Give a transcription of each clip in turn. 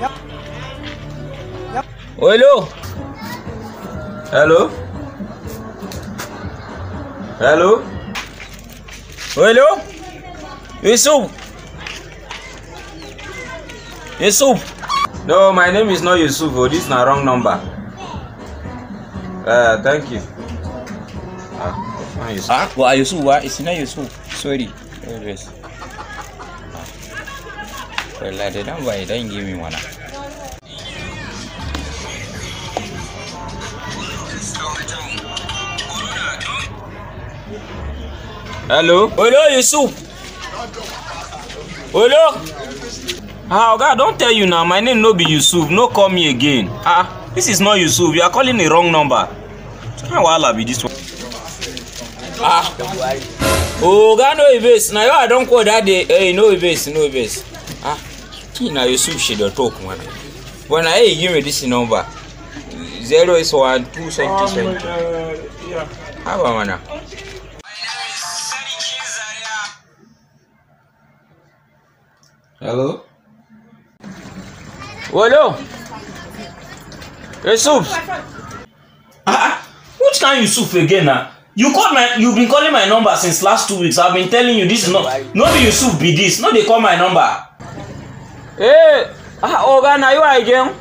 Yep. Yep. Oh, hello. Hello. Hello. Oh, hello. Yusuf. Yusuf. No, my name is not Yusuf. Oh, this is not wrong number. Uh, thank you. Ah, Yusuf. Ah, well, Yusuf, what? It's not Yusuf. Sorry. Yes. Relax they don't buy it, don't give me one. Hello? Hello, Yusuf. Hello? How? oh, God, don't tell you now. My name no be Yusuf. No call me again. Ah, this is not Yusuf. You are calling the wrong number. How will I be this one? Ah. Oh, God, no, Ibis. E now, I don't call that day. Hey, eh, no, Ibis. E no, Ibis. E kii na yusuf shi da talk mana when i give me this number zero is one two seventy seventy haba mana hello wolo yusuf ah which kind yusuf again na. Ah? you call my you been calling my number since last two weeks i been telling you this is not no be yusuf be this no dey call my number eh ah, ah oga oh, na you are again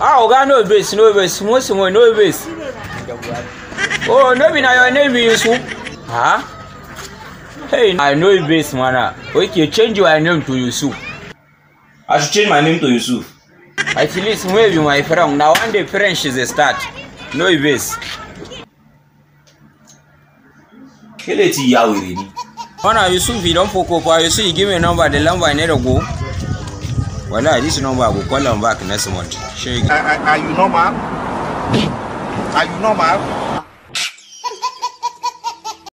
ah oga no base no base most no base oh no be na your name be Yusuf ah hey i know base mana okay change your name to Yusuf i should change my name to Yusuf at least maybe my friend na one day french is a start no base kele ti ya wèrè ni. wọn Yusuf you don foko pa Yusuf you give me number the number i need to go. Well, this number I will call them back next month. Shake. are you normal? Are you normal?